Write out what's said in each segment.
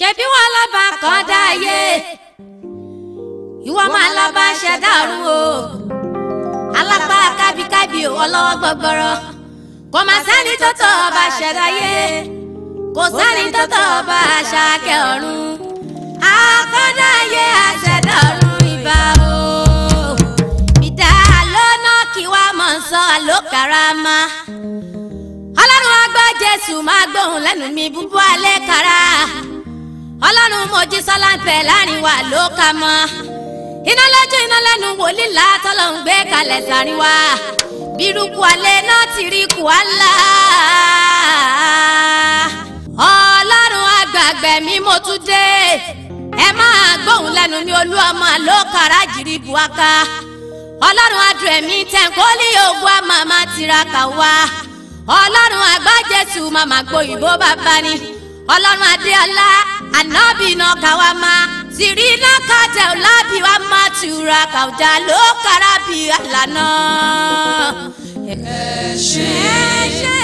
ṣebí wọn lọba kan dáyé ìwọ máa lọba ṣẹdá ọ̀run o alápá kábíkábí ọlọ́wọ́ gbọgbọrọ kò má sẹ́ni tó tọ́ ọba ṣẹdáyé kò sẹ́ni tó ọba ṣàkẹ́ ọ̀run o ìdá lọ́nà kí wàá mọ̀ sọ àlókàrà máa ọlọ́run agbọ́ jésù máa gbóhùn lẹ́nu mi búbú alẹ́ kára ọlọ́run mojí sọ́láńpẹ̀ láàrin wa ló ka mọ́ iná lójú iná lẹ́nu wòlíì látọ́lọ́ ń gbé kalẹ̀ sàrin wa bírúkú alẹ́ náà ti rí kù álá ọlọ́run àgbàgbẹ̀ mi mo tún dé ẹ máa gbóhùn lẹ́nu mi olú ọmọ ló kàrá jìrì buaka ọlọ́run adùn ẹ̀mí tẹ̀kọ́lì ogun àmàmà tiraka wa ọlọ́run àgbà jésù màmá gboyìnbó bàbá ni ọlọ́run adé ọlá ànábì náà káwa máa tìrí náà kájà ọlábì wa máa tura kàwùjà ló kára bí àlànà. ẹ ṣe é ṣe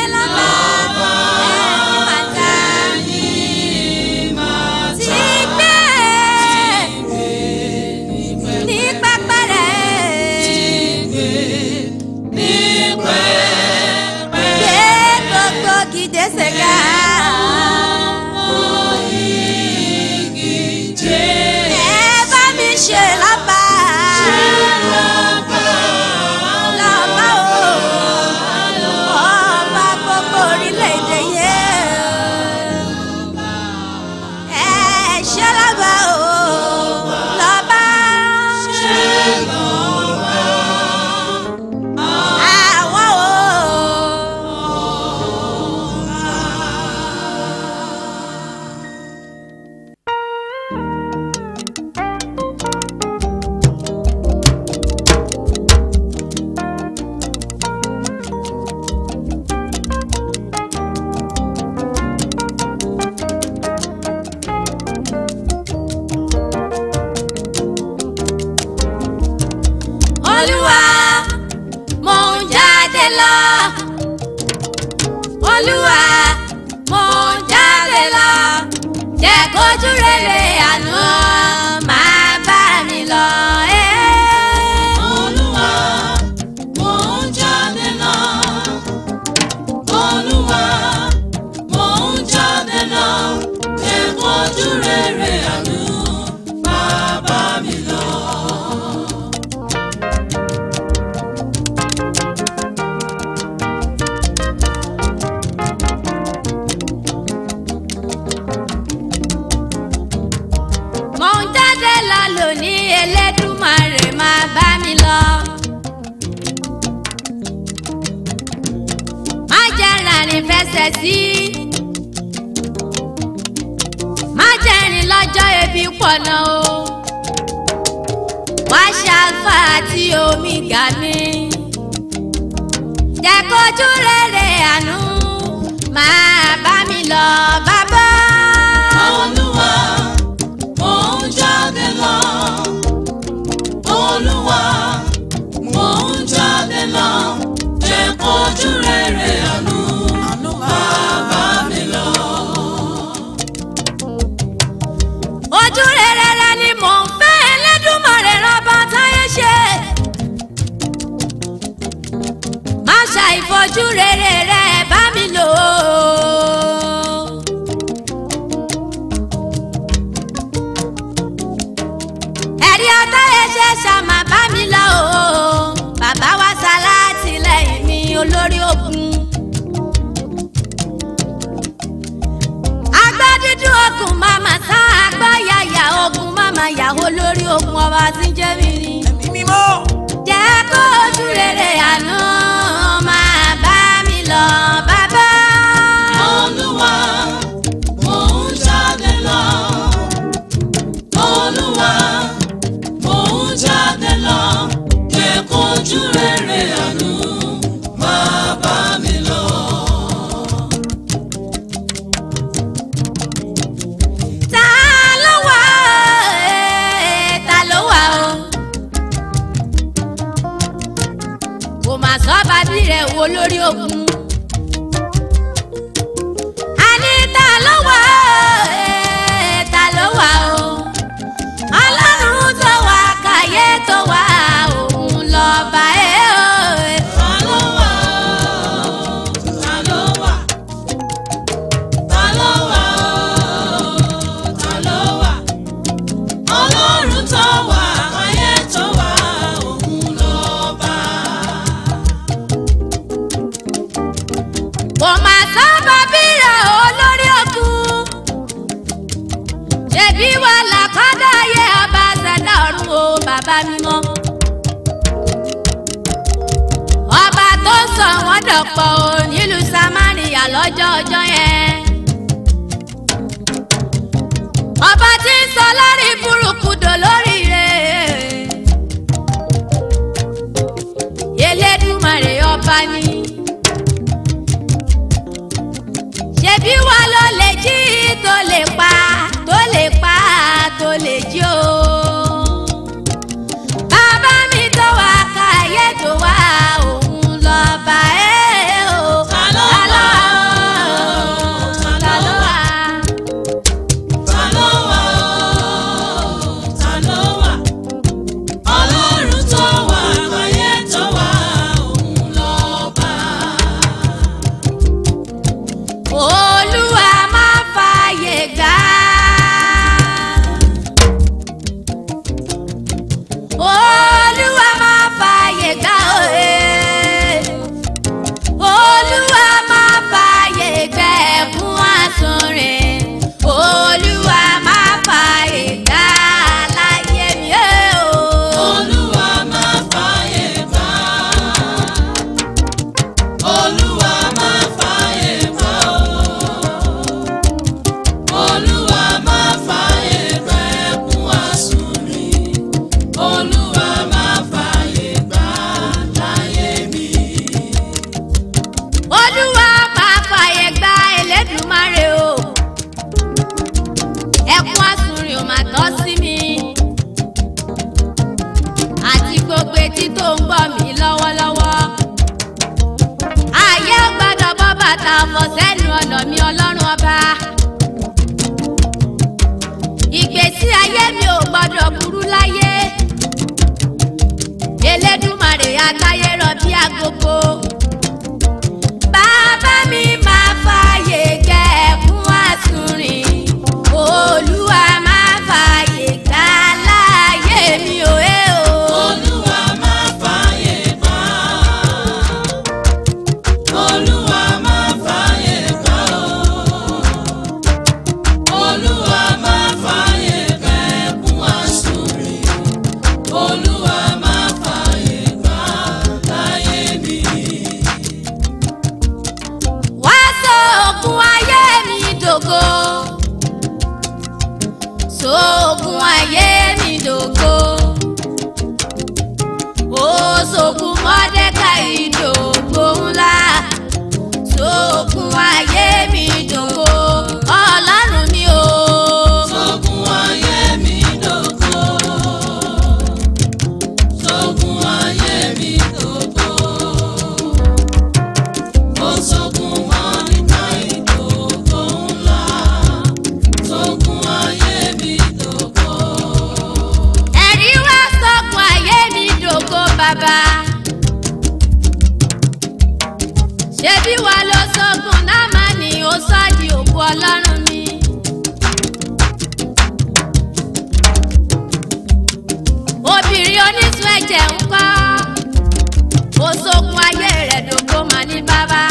ti ń jẹ́ mi ni. Ẹ̀mí mímọ́. Jẹ́ kó ojú rere àná. rẹ̀ wò lórí ogun. bàbá mímọ́. ọba tó sọ wọ́n dọ̀pọ̀ o nílùú Samaria lọ́jọ́ ọjọ́ yẹn. ọba tí ń sọ lórí burúkú dò lórí rẹ̀. Elédùmarè ọba ni. ṣebí wàá. olú. sògùn ayé mi dogo, ó sògùn mọ́dé. ọlọ́run mi. obìnrin onísun ẹ̀jẹ̀ ń kọ́ oṣogun ayé rẹ̀ dògbò mà ní bàbá.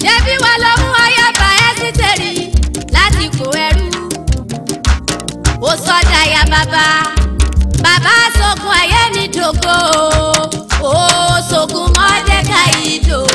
ṣé bí wàá lọ mú ayaba ẹ́sítẹ́rì láti kó ẹrú ó sọ́jà ya bàbá bàbá ṣogun ayé ní dògbò ó ṣogun mọ́dẹ́ka yìí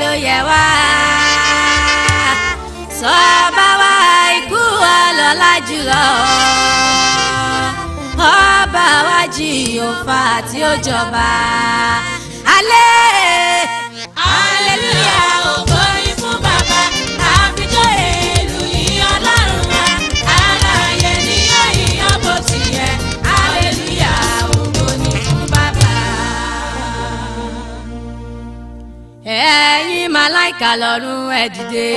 ló yẹ wá sọ bá wa ikú ọlọ́lá jùlọ ọba wa jì òfà tí ó jọba alẹ́ aleluya ẹ̀yin màláìkà lọ́run ẹ dìde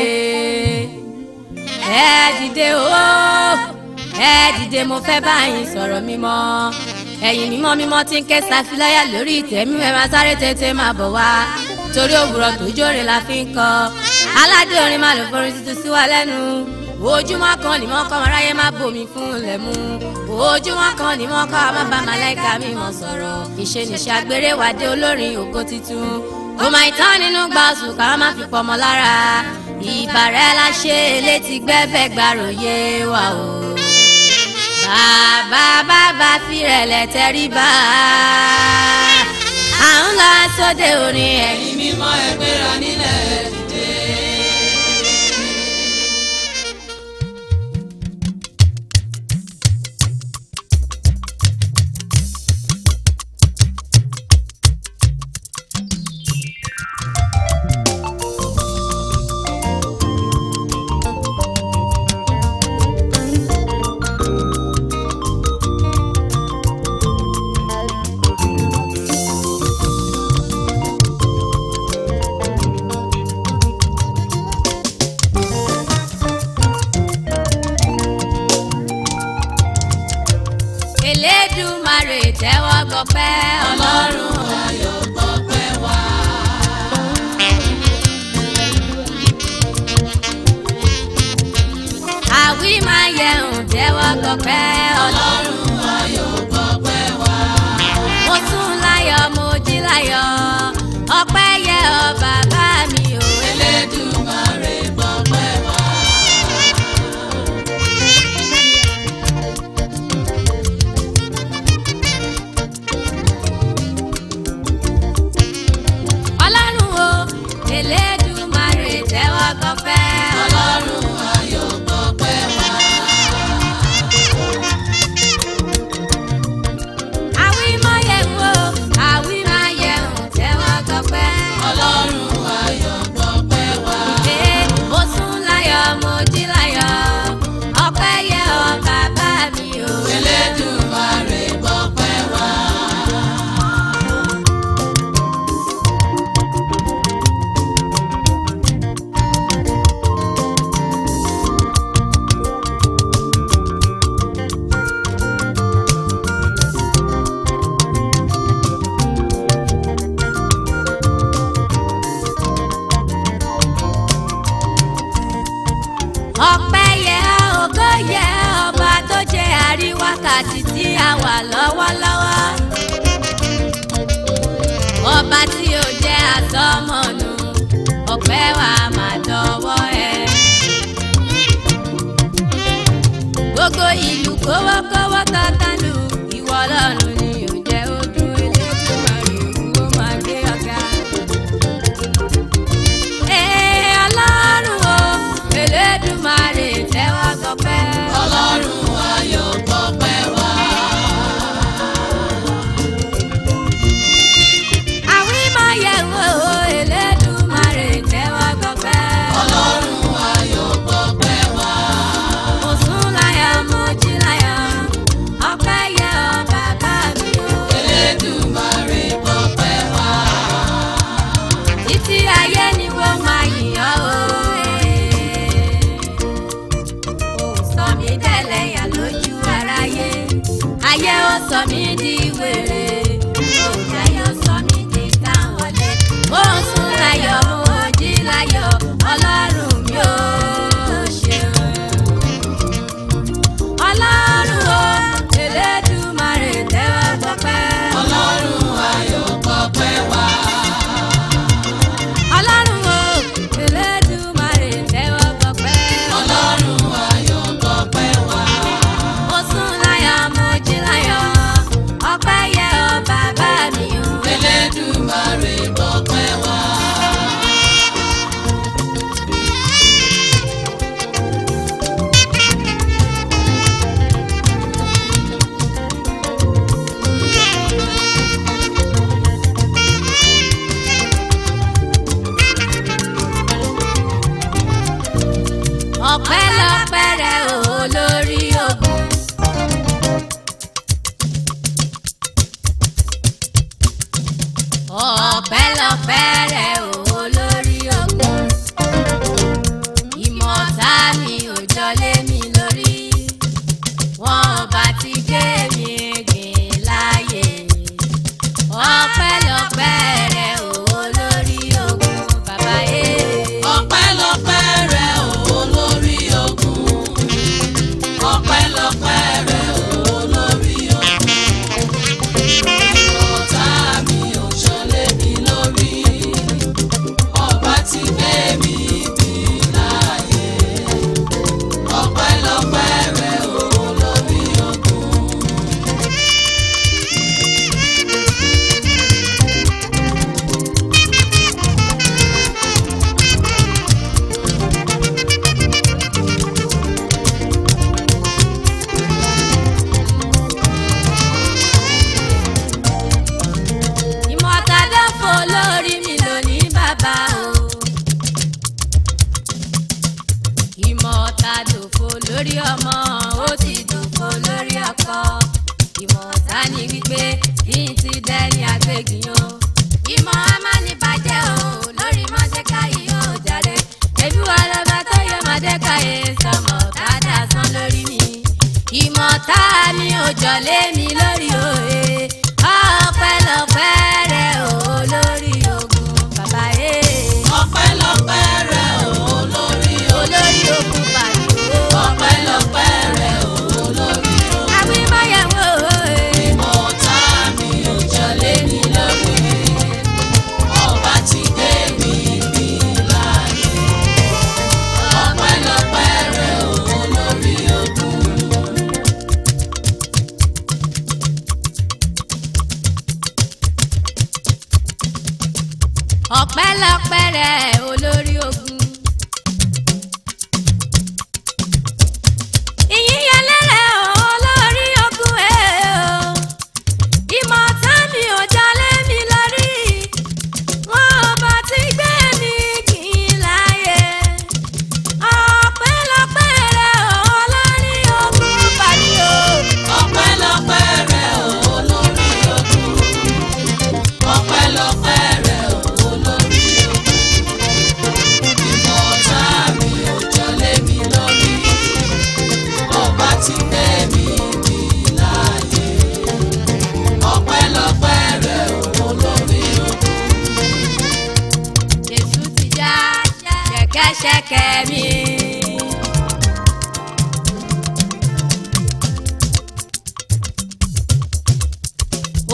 ẹ dìde o ẹ dìde mo fẹ́ bá yín sọ̀rọ̀ mímọ́ ẹ̀yin mímọ́ mímọ́ tí ń ké sáfiláyà lórí ìtẹ́ mímọ́ ẹ máa sáré tètè máa bọ̀ wá torí òwúrọ̀ tó jóre la fi ń kọ aládé orin máa lò forin tuntun sí wa lẹ́nu ojúmọ́ kan ni wọ́n kọ́ aráyé má bomi fún ilẹ̀ mu ojúmọ́ kan ni wọ́n kọ́ àmàbà màláìka mímọ́ sọ̀rọ̀ ìṣe nìṣàgbére wàdé olórin ògo titun ó máa tán nínú gbàsùn ká má fi pọmọ lára ìbàrẹ̀ la ṣe létí gbẹ́fẹ́ gbàròyé wa o. bàbá bàbá fìrẹ̀lẹ̀ tẹríba à ń lọ sóde òní ẹ̀yin mímọ́ ẹgbẹ́ra nílẹ̀.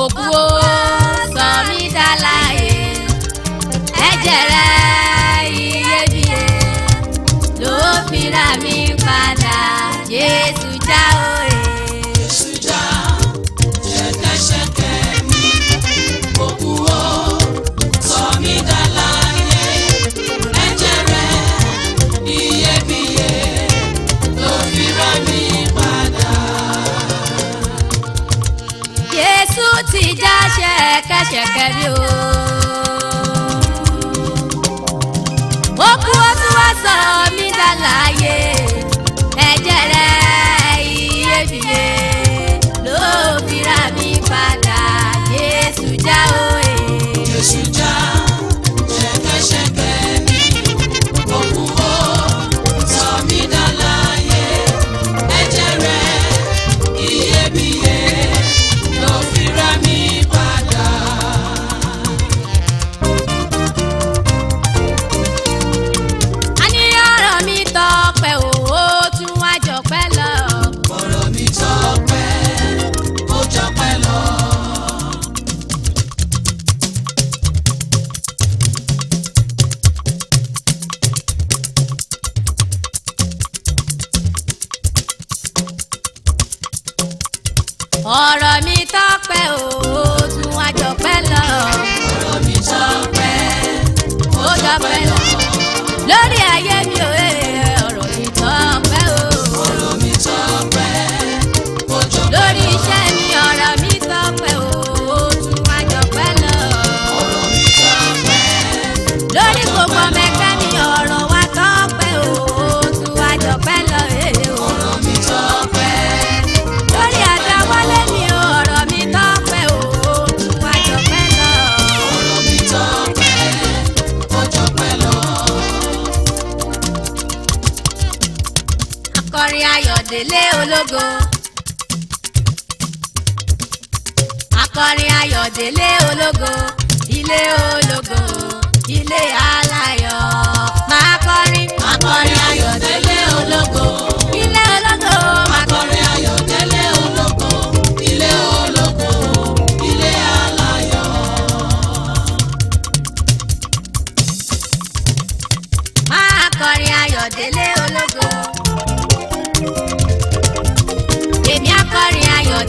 Oh o. kẹ̀rí you?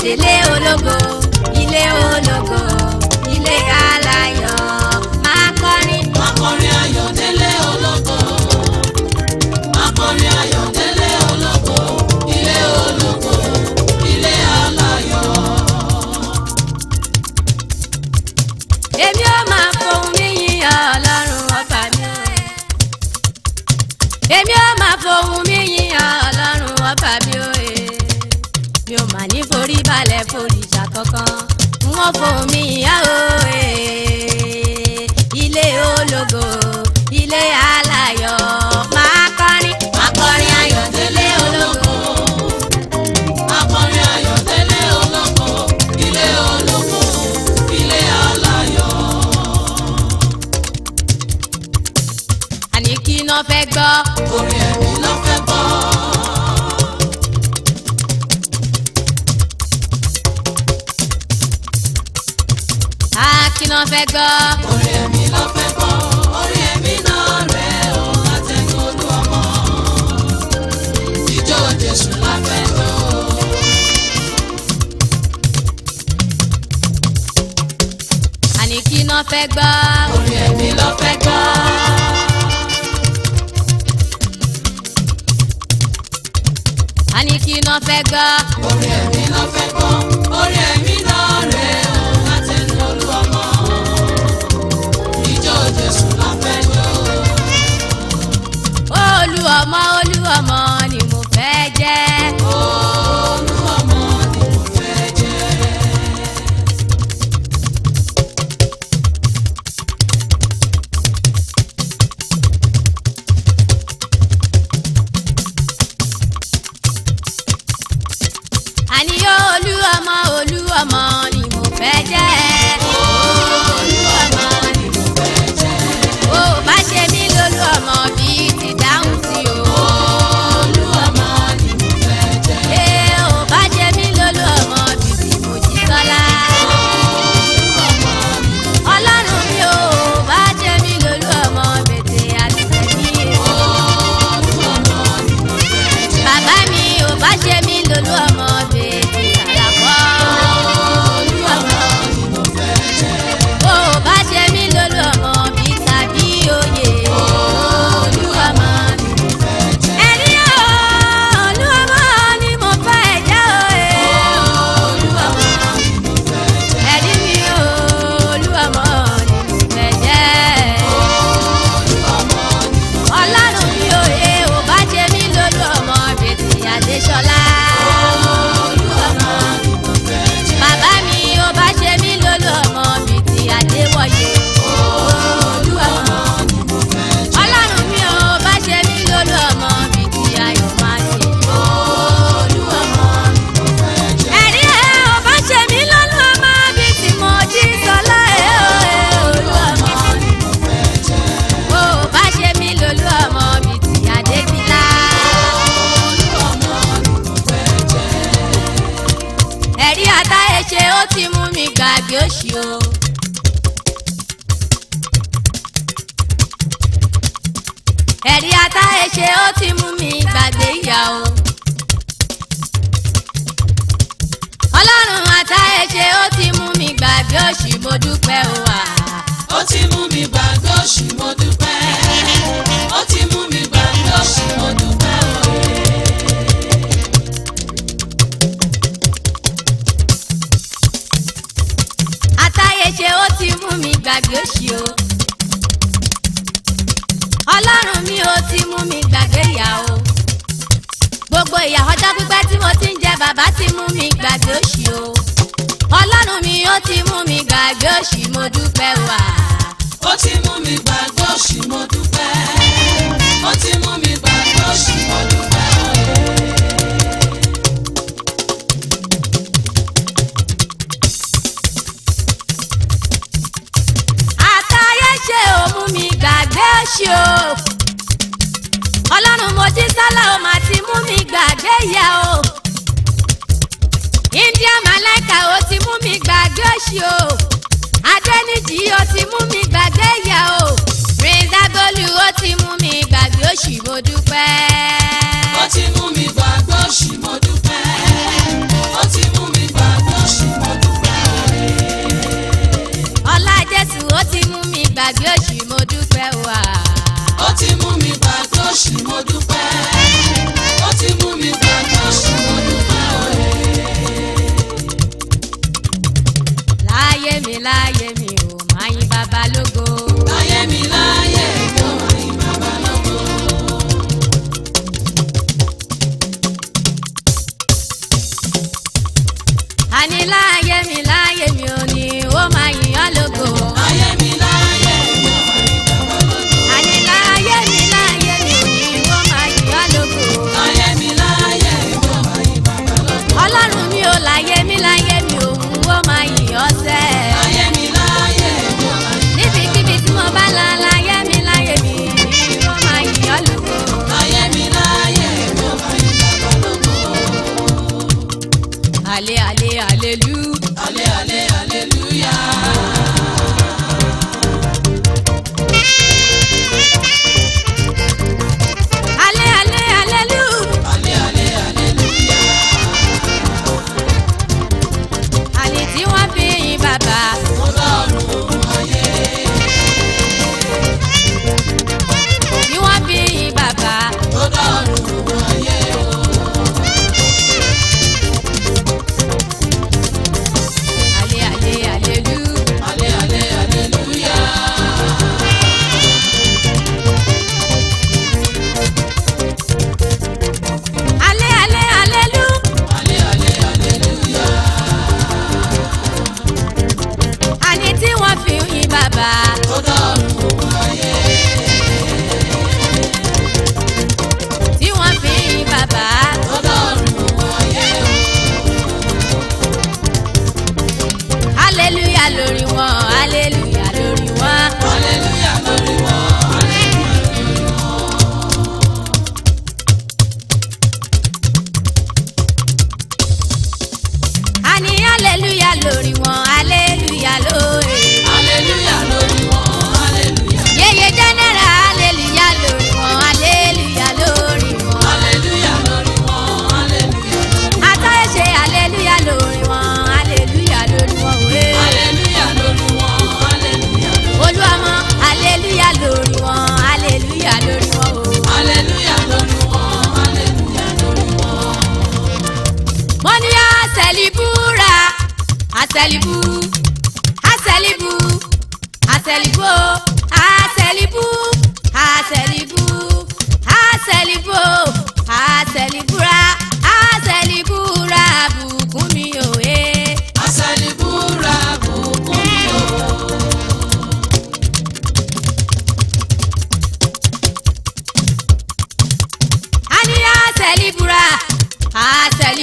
délé ológo ilé ológo ilé aláyọ̀ máa kọrin. máa kọrin ayọ̀ délé ológo máa kọrin ayọ̀ délé ológo ilé ológo ilé aláyọ̀. èmi ó máa fohùn mi yin Ọlọ́run ọba mi. èmi ó máa fohùn mi. forí balẹ̀ forí ìjà kankan wọ́n fomi ìyá o. fẹ́ gbọ́. orin ẹ̀mí ló fẹ́ gbọ́ orin ẹ̀mí náà rẹ̀ ó látẹnu olú ọmọ ìjọ Jésù la fẹ́ lọ. àní kí iná fẹ́ gbọ́. orin ẹ̀mí ló fẹ́ gbọ́. àní kí iná fẹ́ gbọ́. orin ẹ̀mí ló fẹ́ gbọ́ orin ẹ̀mí náà rẹ̀. olúwa mọ́ olúwa mọ́. gbàgbé òṣì o. ọlọ́run mi ò ti mú mi gbàgbé ìyà o. gbogbo ìyà ọjọ́ pípẹ́ tí mo ti ń jẹ bàbá ti mú mi gbàgbé òṣì o. ọlọ́run mi ò ti mú mi gbàgbé òṣì mo dúpẹ́ wà. ó ti mú mi gbàgbé òṣì mo dúpẹ́. ó ti mú mi gbàgbé òṣì mo dúpẹ́. ò mú mi gbàgbé òṣì o ọlọ́run mo jí sálà ó máa ti mú mi gbàgbé ìyà o india malaika ó ti mú mi gbàgbé òṣì o adẹ́nìjì ó ti mú mi gbàgbé ìyà o prince agolu ó ti mú mi gbàgbé òṣì mo dúpẹ́. ó ti mú mi gbàgbé òṣì mo dúpẹ́ ó ti mú mi gbàgbé òṣì mo dúpẹ́. gbàgbé òṣì mo dúpẹ́ wà. ó ti mú mi gbàgbé òṣì mo dúpẹ́ ó ti mú mi gbàgbé òṣì mo dúpẹ́ òye. láyé mi láyé mi ò máa yìn bàbá lógo. láyé mi láyé mi ò máa yìn bàbá lógo. àní láyé.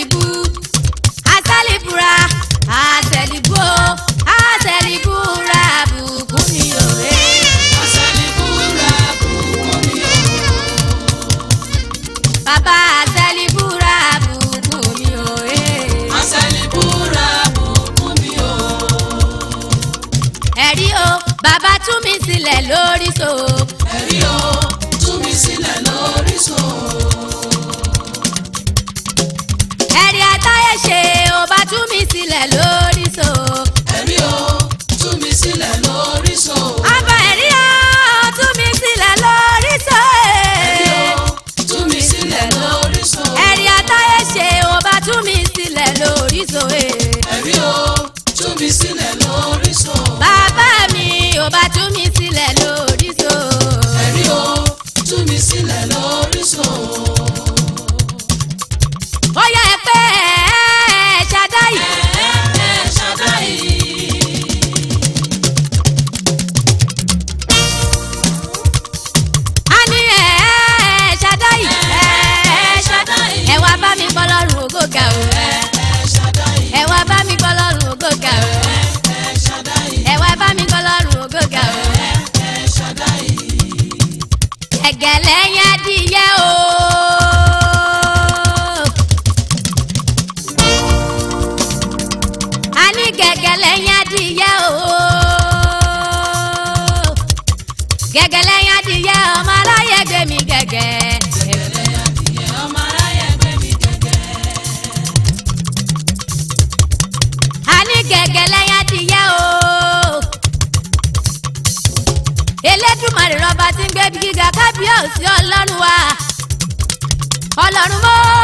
àtẹ̀lìbú àtẹ̀lìbúra àtẹ̀lìbú àtẹ̀lìbúra bùkún ni òwe. Eh. àtẹ̀lìbúra bùkún ni òwe. bàbá àtẹ̀lìbúra bùkún ni òwe. Eh. àtẹ̀lìbúra bùkún ni òwe. ẹ̀rí o baba tú mi sílẹ̀ lórí so. fi sílẹ̀ ló ẹ̀gẹ̀lẹ̀ yẹn adìyẹ o. sí ọlọ́run wa ọlọ́run mọ́.